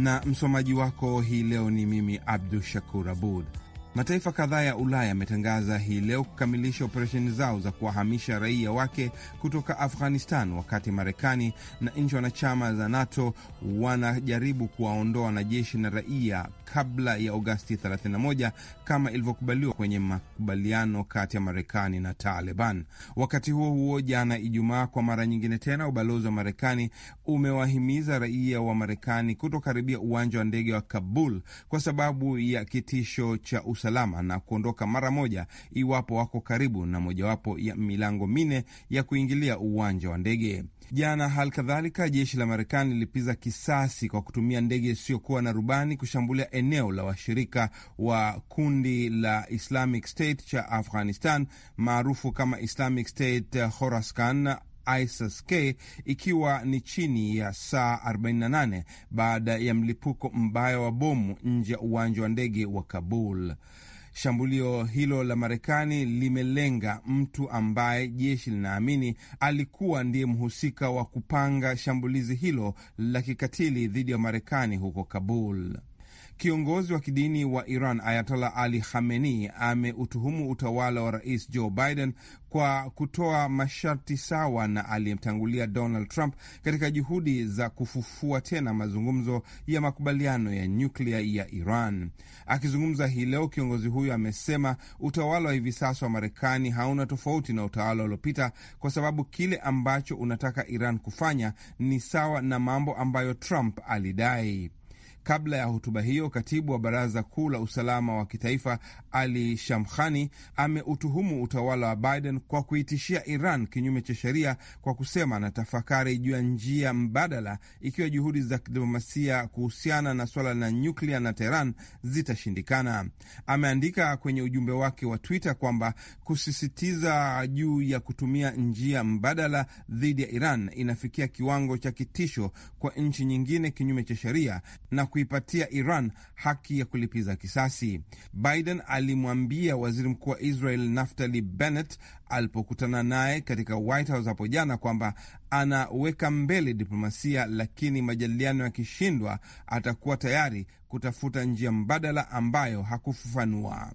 na msomaji wako hii leo ni mimi Abdu Shakur Abud. Mataifa kadhaa ya Ulaya yametangaza hii leo kukamilisha operesheni zao za kuwahamisha raia wake kutoka Afghanistan, wakati Marekani na nchi wanachama za NATO wanajaribu kuwaondoa wanajeshi na raia kabla ya Agosti 31 kama ilivyokubaliwa kwenye makubaliano kati ya Marekani na Taliban. Wakati huo huo, jana Ijumaa, kwa mara nyingine tena, ubalozi wa Marekani umewahimiza raia wa Marekani kutokaribia uwanja wa ndege wa Kabul kwa sababu ya kitisho cha usalama na kuondoka mara moja iwapo wako karibu na mojawapo ya milango minne ya kuingilia uwanja wa ndege. Jana hali kadhalika, jeshi la Marekani lilipiza kisasi kwa kutumia ndege isiyokuwa na rubani kushambulia eneo la washirika wa kundi la Islamic State cha Afghanistan maarufu kama Islamic State eh, Khoraskan isis ikiwa ni chini ya saa 48 baada ya mlipuko mbaya wa bomu nje ya uwanja wa ndege wa Kabul. Shambulio hilo la Marekani limelenga mtu ambaye jeshi linaamini alikuwa ndiye mhusika wa kupanga shambulizi hilo la kikatili dhidi ya Marekani huko Kabul. Kiongozi wa kidini wa Iran Ayatollah Ali Khamenei ameutuhumu utawala wa rais Joe Biden kwa kutoa masharti sawa na aliyemtangulia Donald Trump katika juhudi za kufufua tena mazungumzo ya makubaliano ya nyuklia ya Iran. Akizungumza hii leo, kiongozi huyo amesema utawala wa hivi sasa wa Marekani hauna tofauti na utawala uliopita, kwa sababu kile ambacho unataka Iran kufanya ni sawa na mambo ambayo Trump alidai. Kabla ya hotuba hiyo, katibu wa baraza kuu la usalama wa kitaifa Ali Shamkhani ameutuhumu utawala wa Biden kwa kuitishia Iran kinyume cha sheria kwa kusema na tafakari juu ya njia mbadala ikiwa juhudi za kidiplomasia kuhusiana na swala la nyuklia na Teheran zitashindikana. Ameandika kwenye ujumbe wake wa Twitter kwamba kusisitiza juu ya kutumia njia mbadala dhidi ya Iran inafikia kiwango cha kitisho kwa nchi nyingine kinyume cha sheria na kuipatia Iran haki ya kulipiza kisasi. Biden alimwambia waziri mkuu wa Israel Naftali Bennett alipokutana naye katika White House hapo jana kwamba anaweka mbele diplomasia, lakini majadiliano yakishindwa, atakuwa tayari kutafuta njia mbadala ambayo hakufafanua.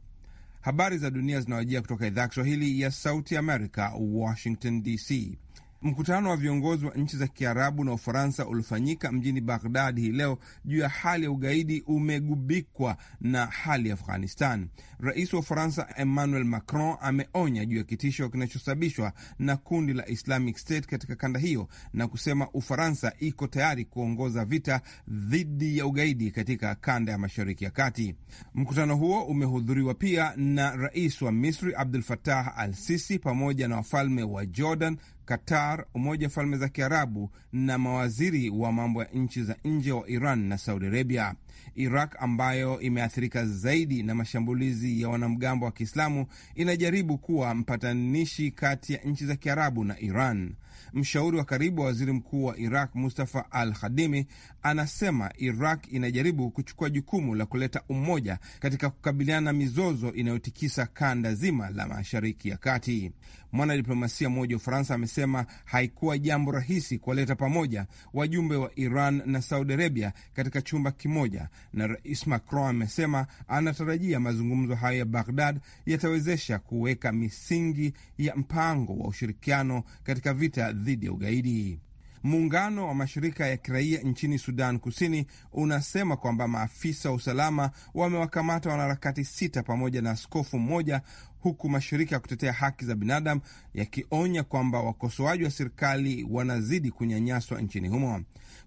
Habari za dunia zinawajia kutoka idhaa ya Kiswahili ya Sauti Amerika, Washington DC. Mkutano wa viongozi wa nchi za Kiarabu na Ufaransa uliofanyika mjini Baghdad hii leo juu ya hali ya ugaidi umegubikwa na hali ya Afghanistan. Rais wa Ufaransa Emmanuel Macron ameonya juu ya kitisho kinachosababishwa na kundi la Islamic State katika kanda hiyo na kusema Ufaransa iko tayari kuongoza vita dhidi ya ugaidi katika kanda ya Mashariki ya Kati. Mkutano huo umehudhuriwa pia na rais wa Misri Abdul fatah al Sisi pamoja na wafalme wa Jordan, Qatar, Umoja wa Falme za Kiarabu na mawaziri wa mambo ya nchi za nje wa Iran na Saudi Arabia. Iraq ambayo imeathirika zaidi na mashambulizi ya wanamgambo wa Kiislamu inajaribu kuwa mpatanishi kati ya nchi za Kiarabu na Iran. Mshauri wa karibu wa waziri mkuu wa Iraq Mustafa Al Khadimi anasema Iraq inajaribu kuchukua jukumu la kuleta umoja katika kukabiliana na mizozo inayotikisa kanda zima la Mashariki ya Kati. Mwanadiplomasia mmoja wa Ufaransa amesema haikuwa jambo rahisi kuwaleta pamoja wajumbe wa Iran na Saudi Arabia katika chumba kimoja, na Rais Macron amesema anatarajia mazungumzo hayo ya Baghdad yatawezesha kuweka misingi ya mpango wa ushirikiano katika vita dhidi ya ugaidi. Muungano wa mashirika ya kiraia nchini Sudan Kusini unasema kwamba maafisa wa usalama wamewakamata wanaharakati sita pamoja na askofu mmoja, huku mashirika ya kutetea haki za binadamu yakionya kwamba wakosoaji wa serikali wanazidi kunyanyaswa nchini humo.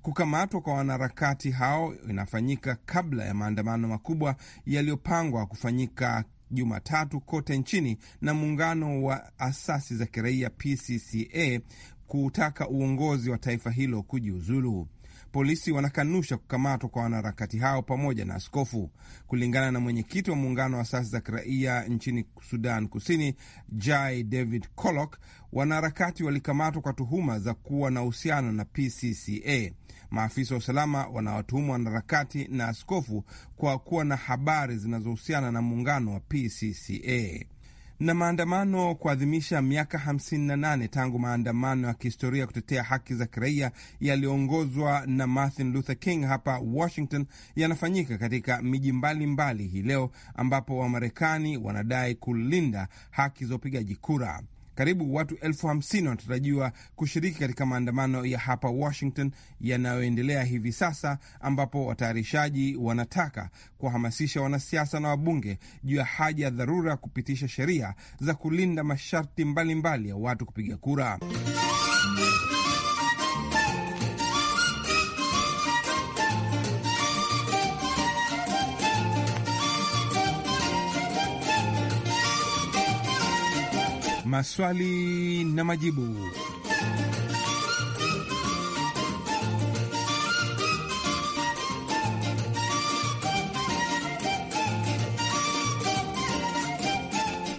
Kukamatwa kwa wanaharakati hao inafanyika kabla ya maandamano makubwa yaliyopangwa kufanyika Jumatatu kote nchini na muungano wa asasi za kiraia PCCA kutaka uongozi wa taifa hilo kujiuzulu. Polisi wanakanusha kukamatwa kwa wanaharakati hao pamoja na askofu. Kulingana na mwenyekiti wa muungano wa asasi za kiraia nchini Sudan Kusini, Jai David Colock, wanaharakati walikamatwa kwa tuhuma za kuwa na uhusiano na PCCA. Maafisa wa usalama wanawatuhumu wanaharakati na askofu kwa kuwa na habari zinazohusiana na muungano wa PCCA na maandamano kuadhimisha miaka 58 tangu maandamano ya kihistoria kutetea haki za kiraia yaliyoongozwa na Martin Luther King hapa Washington yanafanyika katika miji mbalimbali hii leo, ambapo Wamarekani wanadai kulinda haki za upigaji kura. Karibu watu elfu hamsini wanatarajiwa kushiriki katika maandamano ya hapa Washington yanayoendelea hivi sasa, ambapo watayarishaji wanataka kuwahamasisha wanasiasa na wabunge juu ya haja ya dharura ya kupitisha sheria za kulinda masharti mbalimbali ya watu kupiga kura. maswali na majibu.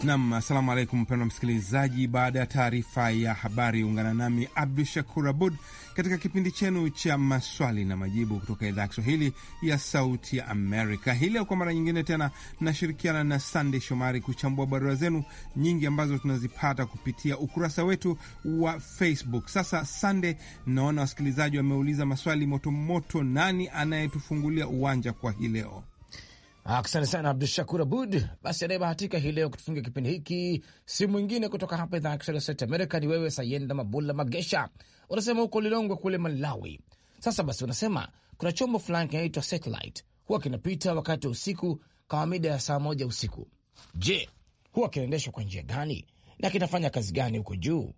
Nam, assalamu alaikum mpendwa msikilizaji. Baada ya taarifa ya habari, ungana nami Abdu Shakur Abud katika kipindi chenu cha maswali na majibu kutoka idhaa ya Kiswahili ya Sauti ya Amerika. Hii leo kwa mara nyingine tena nashirikiana na Sandey Shomari kuchambua barua zenu nyingi ambazo tunazipata kupitia ukurasa wetu wa Facebook. Sasa Sandey, naona wasikilizaji wameuliza maswali motomoto. Nani anayetufungulia uwanja kwa hii leo? Asante sana Abdu Shakur Abud. Basi anayebahatika hii leo kutufungia kipindi hiki si mwingine kutoka hapa idhaa ya Kiswahili ya Sauti Amerika ni wewe Sayenda Mabula Magesha. Unasema huko Lilongwe kule Malawi. Sasa basi, unasema kuna chombo fulani kinaitwa satellite huwa kinapita wakati wa usiku kama mida ya saa moja usiku. Je, huwa kinaendeshwa kwa njia gani na kinafanya kazi gani huko juu?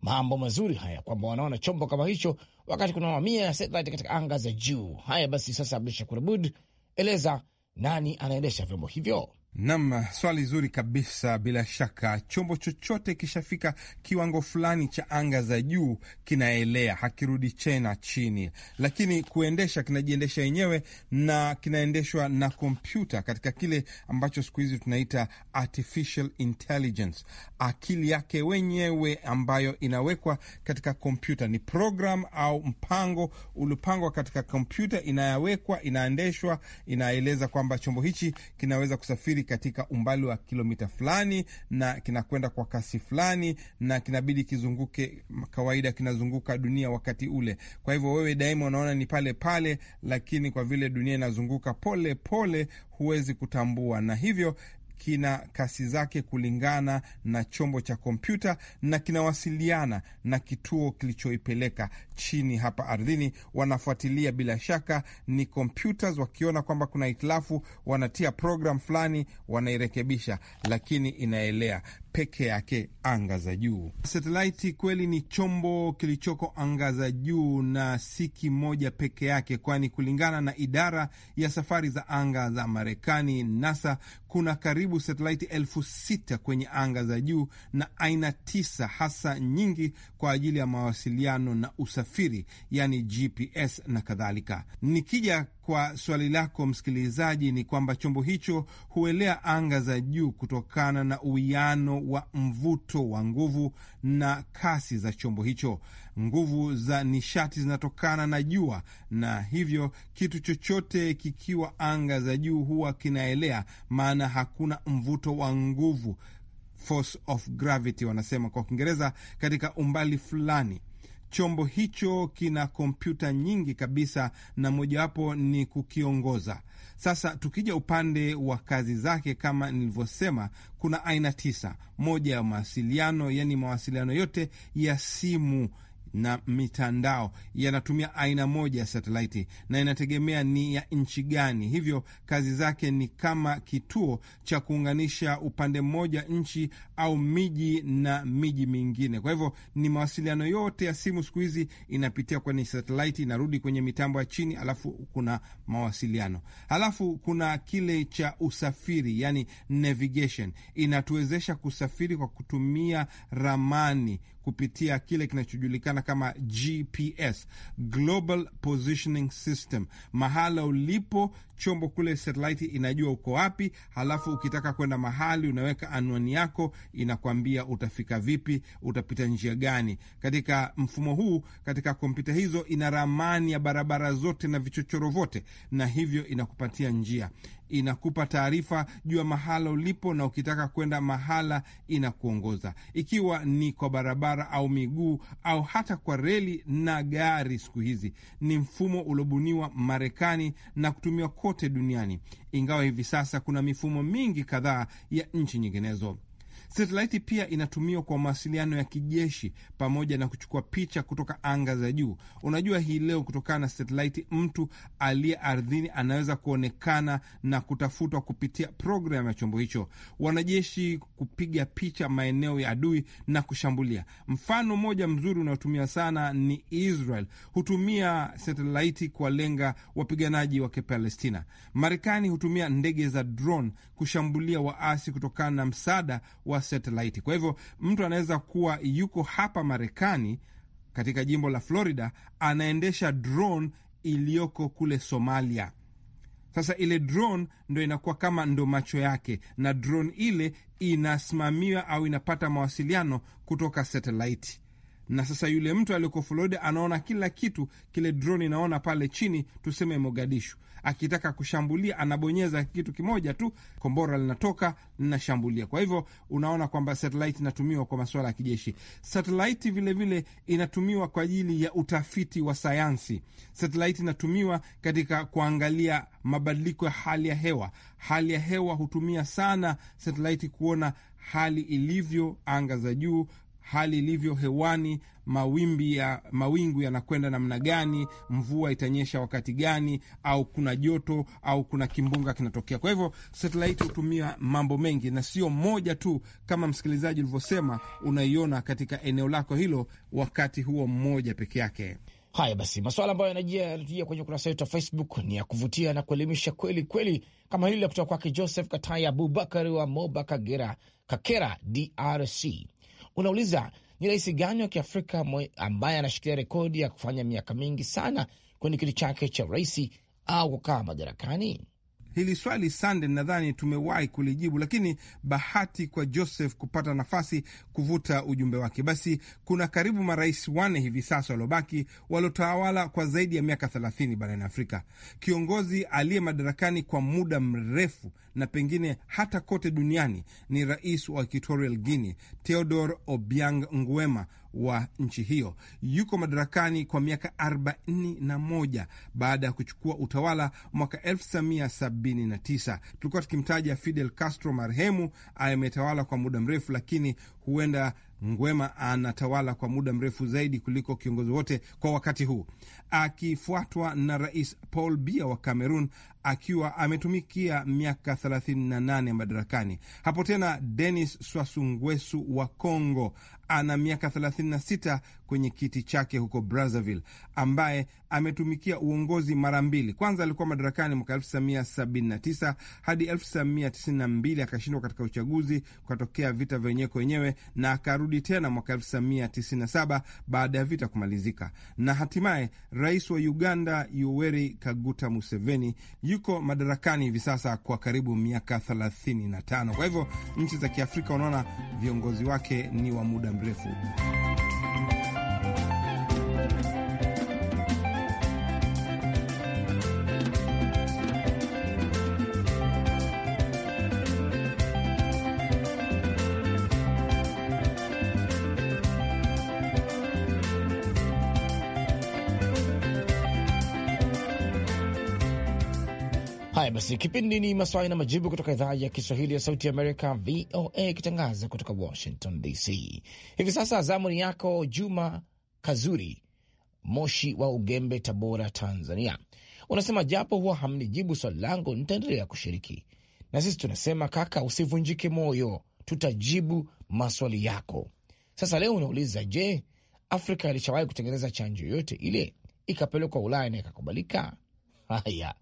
Mambo mazuri haya, kwamba wanaona chombo kama hicho wakati kuna mamia ya satellite katika anga za juu. Haya basi, sasa Abdu Shakur Abud, eleza nani anaendesha vyombo hivyo? Nam, swali zuri kabisa. Bila shaka, chombo chochote kishafika kiwango fulani cha anga za juu kinaelea, hakirudi tena chini, lakini kuendesha, kinajiendesha yenyewe na kinaendeshwa na kompyuta katika kile ambacho siku hizi tunaita artificial intelligence, akili yake wenyewe ambayo inawekwa katika kompyuta. Ni program au mpango uliopangwa katika kompyuta, inayawekwa, inaendeshwa, inaeleza kwamba chombo hichi kinaweza kusafiri kinasafiri katika umbali wa kilomita fulani na kinakwenda kwa kasi fulani, na kinabidi kizunguke. Kawaida kinazunguka dunia wakati ule. Kwa hivyo wewe daima unaona ni pale pale, lakini kwa vile dunia inazunguka pole pole, huwezi kutambua, na hivyo kina kasi zake kulingana na chombo cha kompyuta na kinawasiliana na kituo kilichoipeleka chini hapa ardhini. Wanafuatilia bila shaka ni kompyuta, wakiona kwamba kuna hitilafu wanatia program fulani wanairekebisha, lakini inaelea peke yake anga za juu. Satelaiti kweli ni chombo kilichoko anga za juu na si kimoja peke yake, kwani kulingana na idara ya safari za anga za Marekani, NASA, kuna karibu satelaiti elfu sita kwenye anga za juu na aina tisa hasa nyingi kwa ajili ya mawasiliano na usafiri, yani GPS na kadhalika. Nikija kwa swali lako msikilizaji, ni kwamba chombo hicho huelea anga za juu kutokana na uwiano wa mvuto wa nguvu na kasi za chombo hicho. Nguvu za nishati zinatokana na jua, na hivyo kitu chochote kikiwa anga za juu huwa kinaelea, maana hakuna mvuto wa nguvu, force of gravity wanasema kwa Kiingereza, katika umbali fulani Chombo hicho kina kompyuta nyingi kabisa na mojawapo ni kukiongoza. Sasa tukija upande wa kazi zake, kama nilivyosema, kuna aina tisa. Moja ya mawasiliano, yani mawasiliano yote ya simu na mitandao yanatumia aina moja ya satelaiti na inategemea ni ya nchi gani. Hivyo kazi zake ni kama kituo cha kuunganisha upande mmoja nchi au miji na miji mingine. Kwa hivyo ni mawasiliano yote ya simu siku hizi inapitia kwenye satelaiti, inarudi kwenye mitambo ya chini, alafu kuna mawasiliano, halafu kuna kile cha usafiri, yani navigation, inatuwezesha kusafiri kwa kutumia ramani kupitia kile kinachojulikana kama GPS, Global Positioning System. Mahala ulipo chombo kule satelaiti inajua uko wapi, halafu ukitaka kwenda mahali unaweka anwani yako, inakwambia utafika vipi, utapita njia gani. Katika mfumo huu, katika kompyuta hizo, ina ramani ya barabara zote na vichochoro vote, na hivyo inakupatia njia inakupa taarifa juu ya mahala ulipo, na ukitaka kwenda mahala inakuongoza, ikiwa ni kwa barabara au miguu au hata kwa reli na gari. Siku hizi ni mfumo uliobuniwa Marekani na kutumiwa kote duniani, ingawa hivi sasa kuna mifumo mingi kadhaa ya nchi nyinginezo. Satelaiti pia inatumiwa kwa mawasiliano ya kijeshi pamoja na kuchukua picha kutoka anga za juu. Unajua, hii leo kutokana na satelaiti, mtu aliye ardhini anaweza kuonekana na kutafutwa kupitia programu ya chombo hicho. Wanajeshi kupiga picha maeneo ya adui na kushambulia. Mfano mmoja mzuri unaotumia sana ni Israel, hutumia satelaiti kuwalenga wapiganaji wa Kipalestina. Marekani hutumia ndege za drone kushambulia waasi kutokana na msaada wa kuwa satelaiti. Kwa hivyo mtu anaweza kuwa yuko hapa Marekani katika jimbo la Florida anaendesha drone iliyoko kule Somalia. Sasa ile drone ndo inakuwa kama ndo macho yake, na drone ile inasimamiwa au inapata mawasiliano kutoka satelaiti. Na sasa yule mtu aliyoko Florida anaona kila kitu, kile drone inaona pale chini, tuseme Mogadishu, akitaka kushambulia anabonyeza kitu kimoja tu, kombora linatoka linashambulia. Kwa hivyo unaona kwamba satellite inatumiwa kwa masuala ya kijeshi. satelaiti vilevile inatumiwa kwa ajili ya utafiti wa sayansi. Satellite inatumiwa katika kuangalia mabadiliko ya hali ya hewa. Hali ya hewa hutumia sana satellite kuona hali ilivyo anga za juu, hali ilivyo hewani mawimbi ya mawingu yanakwenda namna gani, mvua itanyesha wakati gani, au kuna joto au kuna kimbunga kinatokea. Kwa hivyo satelaiti hutumia mambo mengi na sio moja tu, kama msikilizaji ulivyosema, unaiona katika eneo lako hilo wakati huo mmoja peke yake. Haya basi, masuala ambayo yanajia yanatujia kwenye ukurasa wetu wa Facebook ni ya kuvutia na kuelimisha kweli kweli, kama hili la kutoka kwake Joseph Kataya Abubakar wa Moba Kagera, Kakera, DRC. Unauliza, ni rais gani wa Kiafrika ambaye anashikilia rekodi ya kufanya miaka mingi sana kwenye kiti chake cha urais au kukaa madarakani? Hili swali Sande, nadhani tumewahi kulijibu, lakini bahati kwa Joseph kupata nafasi kuvuta ujumbe wake. Basi kuna karibu marais wane hivi sasa waliobaki waliotawala kwa zaidi ya miaka thelathini barani Afrika. Kiongozi aliye madarakani kwa muda mrefu na pengine hata kote duniani ni rais wa Equatorial Guinea Theodore Obiang Nguema wa nchi hiyo. Yuko madarakani kwa miaka 41 baada ya kuchukua utawala mwaka 1979. Tulikuwa tukimtaja Fidel Castro marehemu, ametawala kwa muda mrefu, lakini huenda Ngwema anatawala kwa muda mrefu zaidi kuliko kiongozi wote kwa wakati huu, akifuatwa na Rais Paul Biya wa cameron akiwa ametumikia miaka 38 madarakani. Hapo tena Denis Swasungwesu wa congo ana miaka 36 kwenye kiti chake huko Brazzaville, ambaye ametumikia uongozi mara mbili. Kwanza alikuwa madarakani mwaka 1979 hadi 1992, akashindwa katika uchaguzi, kukatokea vita vyenyewe kwenyewe, na akarudi tena mwaka 1997 baada ya vita kumalizika, na hatimaye rais wa Uganda Yoweri Kaguta Museveni yuko madarakani hivi sasa kwa karibu miaka 35. Kwa hivyo nchi za Kiafrika unaona viongozi wake ni wa muda mrefu. Haya basi, kipindi ni maswali na majibu kutoka idhaa ya Kiswahili ya Sauti ya Amerika, VOA, ikitangaza kutoka Washington DC. Hivi sasa zamuni yako Juma Kazuri Moshi wa Ugembe, Tabora, Tanzania. Unasema japo huwa hamnijibu swali langu, nitaendelea kushiriki na sisi tunasema, kaka, usivunjike moyo, tutajibu maswali yako. Sasa leo unauliza, je, Afrika ilishawahi kutengeneza chanjo yoyote ile ikapelekwa Ulaya na ikakubalika? Haya,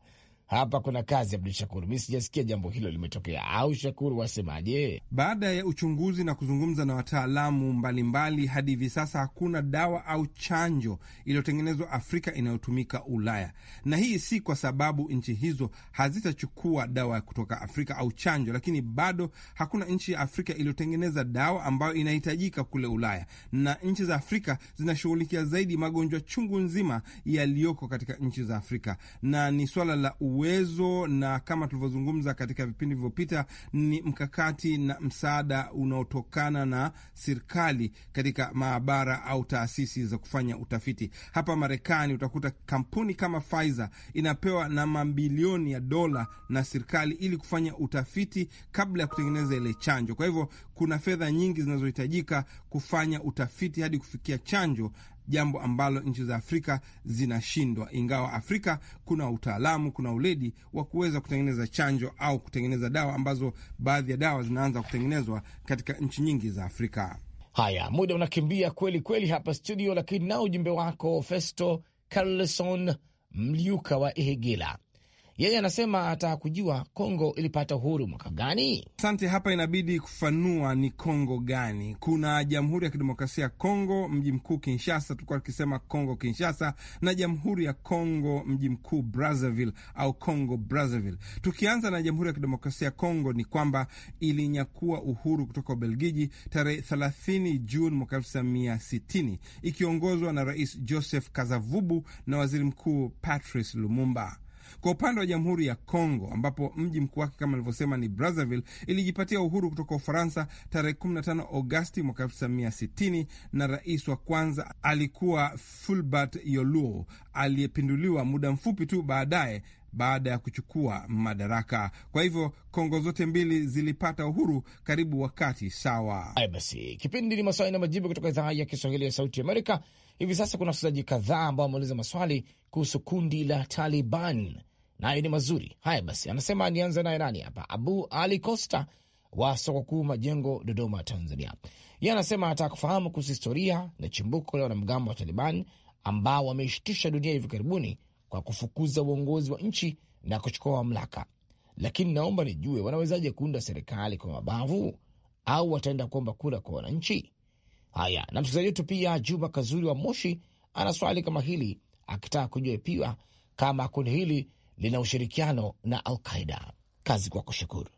hapa kuna kazi Abdu Shakur, mi sijasikia jambo hilo limetokea. Au Shakur, wasemaje? Baada ya uchunguzi na kuzungumza na wataalamu mbalimbali, hadi hivi sasa hakuna dawa au chanjo iliyotengenezwa Afrika inayotumika Ulaya, na hii si kwa sababu nchi hizo hazitachukua dawa kutoka Afrika au chanjo, lakini bado hakuna nchi ya Afrika iliyotengeneza dawa ambayo inahitajika kule Ulaya, na nchi za Afrika zinashughulikia zaidi magonjwa chungu nzima yaliyoko katika nchi za Afrika, na ni swala la u uwezo, na kama tulivyozungumza katika vipindi vilivyopita, ni mkakati na msaada unaotokana na serikali katika maabara au taasisi za kufanya utafiti. Hapa Marekani utakuta kampuni kama Pfizer inapewa na mabilioni ya dola na serikali ili kufanya utafiti kabla ya kutengeneza ile chanjo. Kwa hivyo kuna fedha nyingi zinazohitajika kufanya utafiti hadi kufikia chanjo jambo ambalo nchi za Afrika zinashindwa, ingawa Afrika kuna utaalamu, kuna uledi wa kuweza kutengeneza chanjo au kutengeneza dawa, ambazo baadhi ya dawa zinaanza kutengenezwa katika nchi nyingi za Afrika. Haya, muda unakimbia kweli kweli hapa studio, lakini nao ujumbe wako Festo Carlson Mliuka wa Ihegela yeye anasema ataka kujua Kongo ilipata uhuru mwaka gani. Asante, hapa inabidi kufanua ni Kongo gani. Kuna Jamhuri ya Kidemokrasia ya Kongo, mji mkuu Kinshasa, tulikuwa tukisema Kongo Kinshasa, na Jamhuri ya Kongo, mji mkuu Brazzaville au Kongo Brazzaville. Tukianza na Jamhuri ya Kidemokrasia ya Kongo, ni kwamba ilinyakua uhuru kutoka Ubelgiji tarehe 30 Juni mwaka 1960 ikiongozwa na Rais Joseph kazavubu na Waziri Mkuu Patrice Lumumba. Kwa upande wa Jamhuri ya Kongo, ambapo mji mkuu wake kama alivyosema ni Brazzaville, ilijipatia uhuru kutoka Ufaransa tarehe 15 Agosti mwaka 1960 na rais wa kwanza alikuwa Fulbert Yoluo aliyepinduliwa muda mfupi tu baadaye baada ya kuchukua madaraka. Kwa hivyo Kongo zote mbili zilipata uhuru karibu wakati sawa. Haya basi, kipindi ni maswali na majibu kutoka idhaa ya Kiswahili ya Sauti Amerika. Hivi sasa kuna wasikilizaji kadhaa ambao wameuliza maswali kuhusu kundi la Taliban, nayo ni mazuri. Haya basi, anasema nianze naye nani hapa, Abu Ali Costa wa soko kuu Majengo, Dodoma, Tanzania. Yeye anasema anataka kufahamu kuhusu historia na chimbuko la wanamgambo wa Taliban ambao wameshtusha dunia hivi karibuni kwa kufukuza uongozi wa nchi na kuchukua mamlaka, lakini naomba nijue wanawezaje kuunda serikali kwa mabavu au wataenda kuomba kura kwa wananchi? Haya, na msikilizaji wetu pia Juma Kazuri wa Moshi ana swali kama hili, akitaka kujua pia kama kundi hili lina ushirikiano na Alqaida. Kazi kwako, shukuru.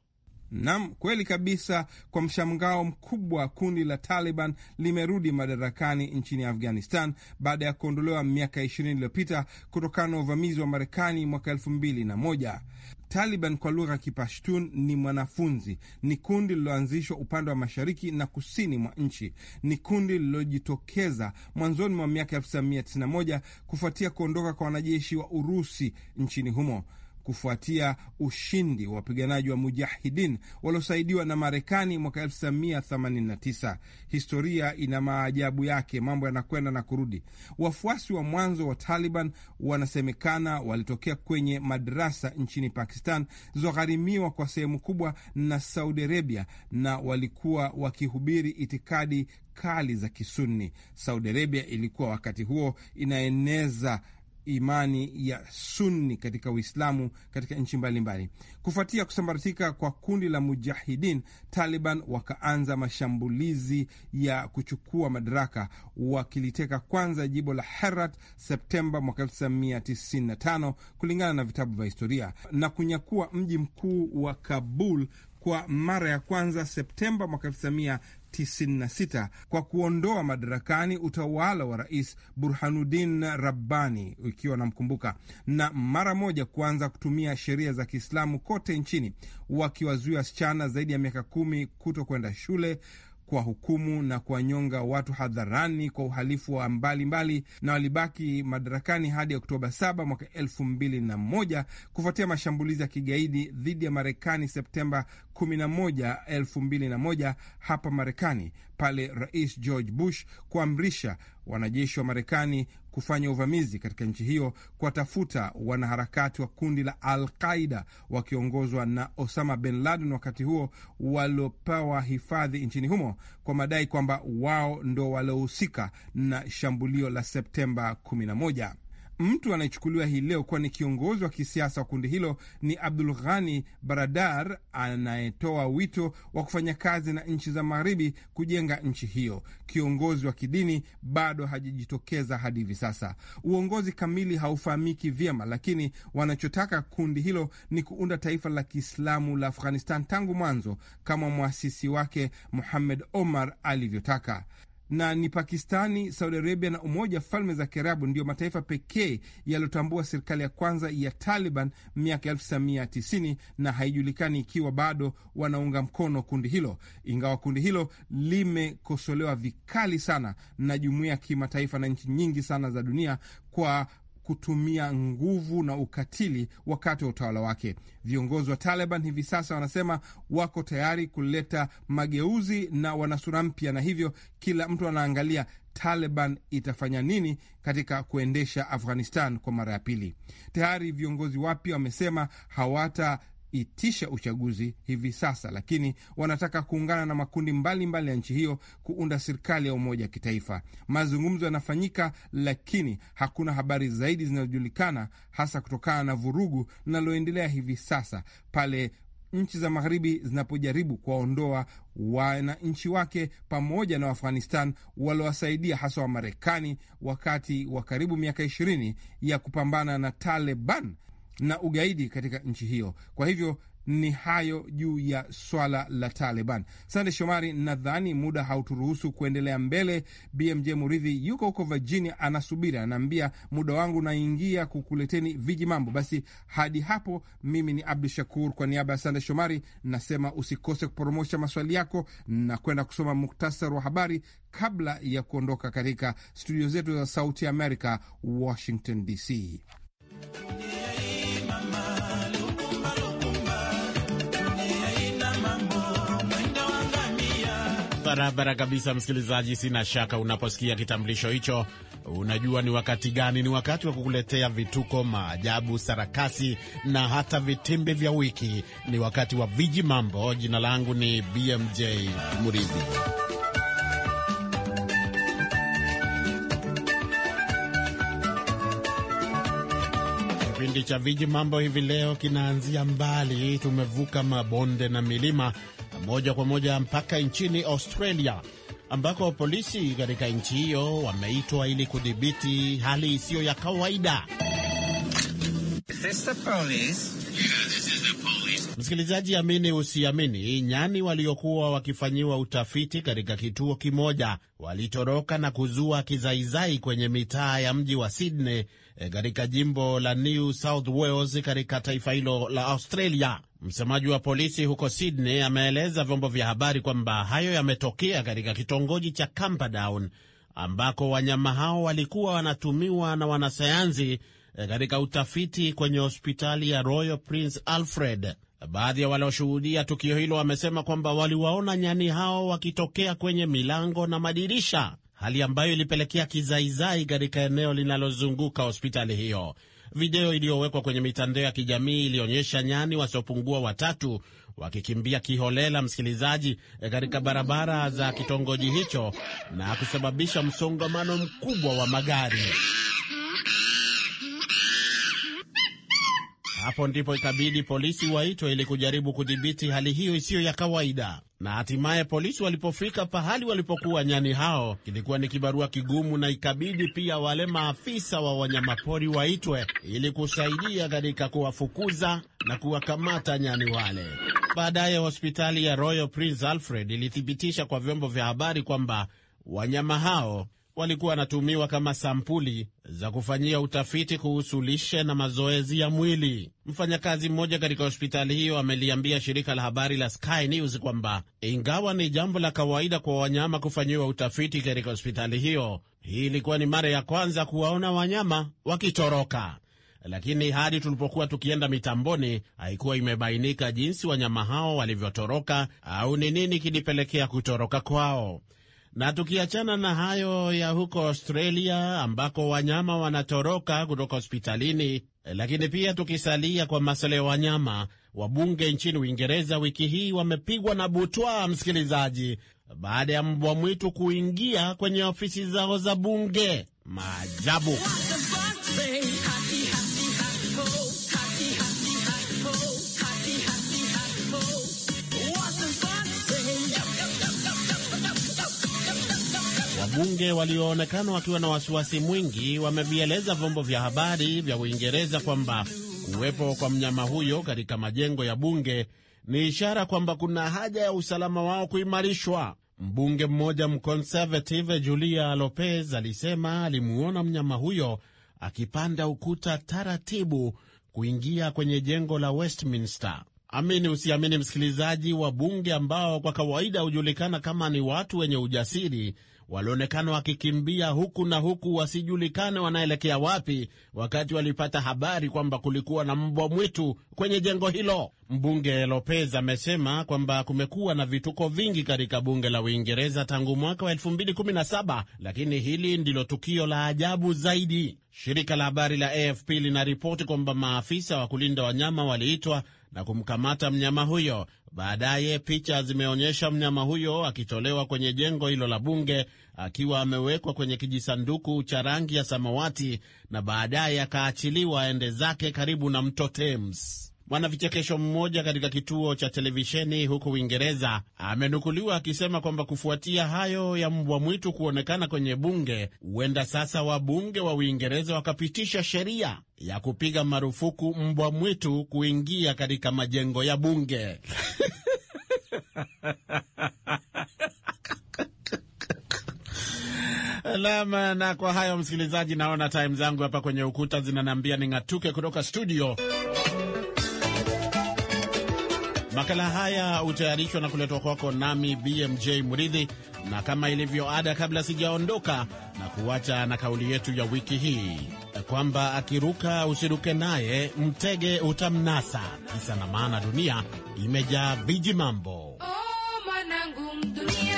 Nam, kweli kabisa. Kwa mshangao mkubwa, kundi la Taliban limerudi madarakani nchini Afghanistan baada ya kuondolewa miaka ishirini iliyopita kutokana na uvamizi wa Marekani mwaka elfu mbili na moja. Taliban kwa lugha ya Kipashtun ni mwanafunzi, ni kundi lililoanzishwa upande wa mashariki na kusini mwa nchi. Ni kundi lililojitokeza mwanzoni mwa miaka 1991 kufuatia kuondoka kwa wanajeshi wa Urusi nchini humo kufuatia ushindi wa wapiganaji wa Mujahidin waliosaidiwa na Marekani mwaka 1989. Historia ina maajabu yake, mambo yanakwenda na kurudi. Wafuasi wa mwanzo wa Taliban wanasemekana walitokea kwenye madrasa nchini Pakistan zilizogharimiwa kwa sehemu kubwa na Saudi Arabia na walikuwa wakihubiri itikadi kali za Kisunni. Saudi Arabia ilikuwa wakati huo inaeneza imani ya Sunni katika Uislamu katika nchi mbalimbali. Kufuatia kusambaratika kwa kundi la Mujahidin, Taliban wakaanza mashambulizi ya kuchukua madaraka, wakiliteka kwanza jimbo la Herat Septemba mwaka 1995 kulingana na vitabu vya historia na kunyakua mji mkuu wa Kabul kwa mara ya kwanza Septemba mwaka 1996 kwa kuondoa madarakani utawala wa Rais Burhanuddin Rabbani, ikiwa namkumbuka, na mara moja kuanza kutumia sheria za Kiislamu kote nchini, wakiwazuia wasichana zaidi ya miaka kumi kuto kwenda shule hukumu na kuwanyonga watu hadharani kwa uhalifu wa mbalimbali mbali, na walibaki madarakani hadi Oktoba 7 mwaka 2001 kufuatia mashambulizi ya kigaidi dhidi ya Marekani Septemba 11, 2001 hapa Marekani pale Rais George Bush kuamrisha wanajeshi wa Marekani kufanya uvamizi katika nchi hiyo kuwatafuta wanaharakati wa kundi la Al Qaida wakiongozwa na Osama bin Laden wakati huo, waliopewa hifadhi nchini humo kwa madai kwamba wao ndo waliohusika na shambulio la Septemba 11. Mtu anayechukuliwa hii leo kuwa ni kiongozi wa kisiasa wa kundi hilo ni Abdul Ghani Baradar, anayetoa wito wa kufanya kazi na nchi za magharibi kujenga nchi hiyo. Kiongozi wa kidini bado hajajitokeza hadi hivi sasa. Uongozi kamili haufahamiki vyema, lakini wanachotaka kundi hilo ni kuunda taifa la Kiislamu la Afghanistan tangu mwanzo, kama mwasisi wake Muhammad Omar alivyotaka na ni Pakistani, Saudi Arabia na Umoja wa Falme za Kiarabu ndiyo mataifa pekee yaliyotambua serikali ya kwanza ya Taliban miaka 1990 na haijulikani ikiwa bado wanaunga mkono kundi hilo, ingawa kundi hilo limekosolewa vikali sana na jumuiya ya kimataifa na nchi nyingi sana za dunia kwa kutumia nguvu na ukatili wakati wa utawala wake. Viongozi wa Taliban hivi sasa wanasema wako tayari kuleta mageuzi na wanasura mpya, na hivyo kila mtu anaangalia Taliban itafanya nini katika kuendesha Afghanistan kwa mara ya pili. Tayari viongozi wapya wamesema hawata itisha uchaguzi hivi sasa, lakini wanataka kuungana na makundi mbalimbali mbali ya nchi hiyo kuunda serikali ya umoja wa kitaifa. Mazungumzo yanafanyika, lakini hakuna habari zaidi zinazojulikana, hasa kutokana na vurugu linaloendelea hivi sasa pale nchi za magharibi zinapojaribu kuwaondoa wananchi wake pamoja na Afghanistan waliowasaidia hasa Wamarekani wakati wa karibu miaka ishirini ya kupambana na Taliban na ugaidi katika nchi hiyo. Kwa hivyo ni hayo juu ya swala la Taliban. Sande Shomari, nadhani muda hauturuhusu kuendelea mbele. BMJ Muridhi yuko huko Virginia, anasubiri, anaambia muda wangu naingia kukuleteni viji mambo. Basi hadi hapo, mimi ni Abdu Shakur kwa niaba ya Sande Shomari nasema usikose kuporomosha maswali yako na kwenda kusoma muktasari wa habari kabla ya kuondoka katika studio zetu za Sauti America, Washington DC. Barabara kabisa, msikilizaji, sina shaka unaposikia kitambulisho hicho unajua ni wakati gani. Ni wakati wa kukuletea vituko, maajabu, sarakasi na hata vitimbi vya wiki. Ni wakati wa viji mambo. Jina langu ni BMJ Muridhi. kipindi cha Viji Mambo hivi leo kinaanzia mbali. Tumevuka mabonde na milima moja kwa moja mpaka nchini Australia, ambako polisi katika nchi hiyo wameitwa ili kudhibiti hali isiyo ya kawaida. Msikilizaji, amini usiamini, nyani waliokuwa wakifanyiwa utafiti katika kituo kimoja walitoroka na kuzua kizaizai kwenye mitaa ya mji wa Sydney e, katika jimbo la New South Wales katika taifa hilo la Australia. Msemaji wa polisi huko Sydney ameeleza vyombo vya habari kwamba hayo yametokea katika kitongoji cha Camperdown ambako wanyama hao walikuwa wanatumiwa na wanasayansi Eh, katika utafiti kwenye hospitali ya Royal Prince Alfred. Baadhi ya walioshuhudia tukio hilo wamesema kwamba waliwaona nyani hao wakitokea kwenye milango na madirisha, hali ambayo ilipelekea kizaizai katika eneo linalozunguka hospitali hiyo. Video iliyowekwa kwenye mitandao ya kijamii ilionyesha nyani wasiopungua watatu wakikimbia kiholela, msikilizaji, eh, katika barabara za kitongoji hicho na kusababisha msongamano mkubwa wa magari. Hapo ndipo ikabidi polisi waitwe ili kujaribu kudhibiti hali hiyo isiyo ya kawaida. Na hatimaye polisi walipofika pahali walipokuwa nyani hao, kilikuwa ni kibarua kigumu, na ikabidi pia wale maafisa wa wanyamapori waitwe ili kusaidia katika kuwafukuza na kuwakamata nyani wale. Baadaye hospitali ya Royal Prince Alfred ilithibitisha kwa vyombo vya habari kwamba wanyama hao walikuwa wanatumiwa kama sampuli za kufanyia utafiti kuhusu lishe na mazoezi ya mwili. Mfanyakazi mmoja katika hospitali hiyo ameliambia shirika la habari la Sky News kwamba ingawa ni jambo la kawaida kwa wanyama kufanyiwa utafiti katika hospitali hiyo, hii ilikuwa ni mara ya kwanza kuwaona wanyama wakitoroka lakini hadi tulipokuwa tukienda mitamboni haikuwa imebainika jinsi wanyama hao walivyotoroka au ni nini kilipelekea kutoroka kwao. Na tukiachana na hayo ya huko Australia ambako wanyama wanatoroka kutoka hospitalini, lakini pia tukisalia kwa masuala ya wanyama, wabunge nchini Uingereza wiki hii wamepigwa na butwaa, msikilizaji, baada ya mbwa mwitu kuingia kwenye ofisi zao za bunge. Maajabu! wabunge walioonekana wakiwa na wasiwasi mwingi wamevieleza vyombo vya habari vya Uingereza kwamba kuwepo kwa mnyama huyo katika majengo ya bunge ni ishara kwamba kuna haja ya usalama wao kuimarishwa. Mbunge mmoja mconservative Julia Lopez alisema alimuona mnyama huyo akipanda ukuta taratibu kuingia kwenye jengo la Westminster. Amini usiamini, msikilizaji, wa bunge ambao kwa kawaida hujulikana kama ni watu wenye ujasiri walionekana wakikimbia huku na huku, wasijulikane wanaelekea wapi, wakati walipata habari kwamba kulikuwa na mbwa mwitu kwenye jengo hilo. Mbunge Lopez amesema kwamba kumekuwa na vituko vingi katika bunge la Uingereza tangu mwaka wa 2017 lakini hili ndilo tukio la ajabu zaidi. Shirika la habari la AFP linaripoti kwamba maafisa wa kulinda wanyama waliitwa na kumkamata mnyama huyo Baadaye picha zimeonyesha mnyama huyo akitolewa kwenye jengo hilo la bunge akiwa amewekwa kwenye kijisanduku cha rangi ya samawati na baadaye akaachiliwa aende zake karibu na mto Thames. Mwanavichekesho mmoja katika kituo cha televisheni huko Uingereza amenukuliwa akisema kwamba kufuatia hayo ya mbwa mwitu kuonekana kwenye bunge, huenda sasa wabunge wa Uingereza wakapitisha sheria ya kupiga marufuku mbwa mwitu kuingia katika majengo ya bunge. Nam, na kwa hayo msikilizaji, naona time zangu hapa kwenye ukuta zinaniambia ning'atuke kutoka studio. Makala haya hutayarishwa na kuletwa kwako nami BMJ Muridhi, na kama ilivyo ada, kabla sijaondoka na kuacha na kauli yetu ya wiki hii kwamba akiruka usiruke naye, mtege utamnasa. Kisa na maana, dunia imejaa viji mambo. Oh, dunia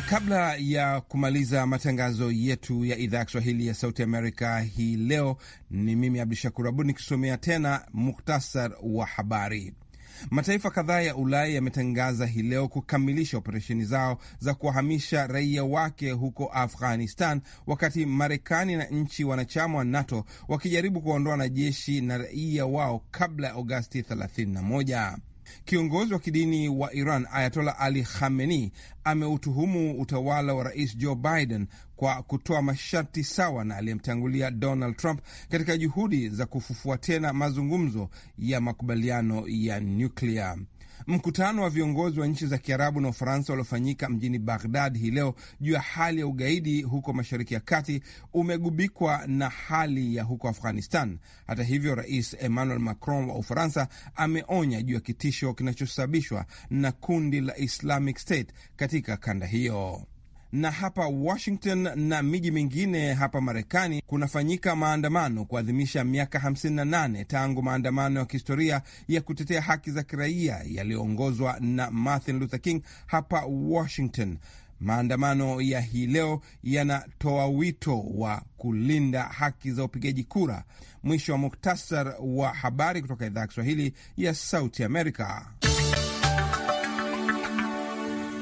kabla ya kumaliza matangazo yetu ya idhaa ya Kiswahili ya Sauti Amerika hii leo, ni mimi Abdu Shakur Abud nikisomea tena muktasar wa habari. Mataifa kadhaa ya Ulaya yametangaza hii leo kukamilisha operesheni zao za kuwahamisha raia wake huko Afghanistan, wakati Marekani na nchi wanachama wa NATO wakijaribu kuwaondoa wanajeshi na raia wao kabla ya Agosti 31. Kiongozi wa kidini wa Iran Ayatola Ali Khamenei ameutuhumu utawala wa rais Joe Biden kwa kutoa masharti sawa na aliyemtangulia Donald Trump katika juhudi za kufufua tena mazungumzo ya makubaliano ya nyuklia. Mkutano wa viongozi wa nchi za Kiarabu na Ufaransa uliofanyika mjini Baghdad hii leo juu ya hali ya ugaidi huko Mashariki ya Kati umegubikwa na hali ya huko Afghanistan. Hata hivyo, Rais Emmanuel Macron wa Ufaransa ameonya juu ya kitisho kinachosababishwa na kundi la Islamic State katika kanda hiyo na hapa Washington na miji mingine hapa Marekani kunafanyika maandamano kuadhimisha miaka 58 tangu maandamano ya kihistoria ya kutetea haki za kiraia yaliyoongozwa na Martin Luther King hapa Washington. Maandamano ya hii leo yanatoa wito wa kulinda haki za upigaji kura. Mwisho wa muktasar wa habari kutoka idhaa ya Kiswahili ya Sauti Amerika.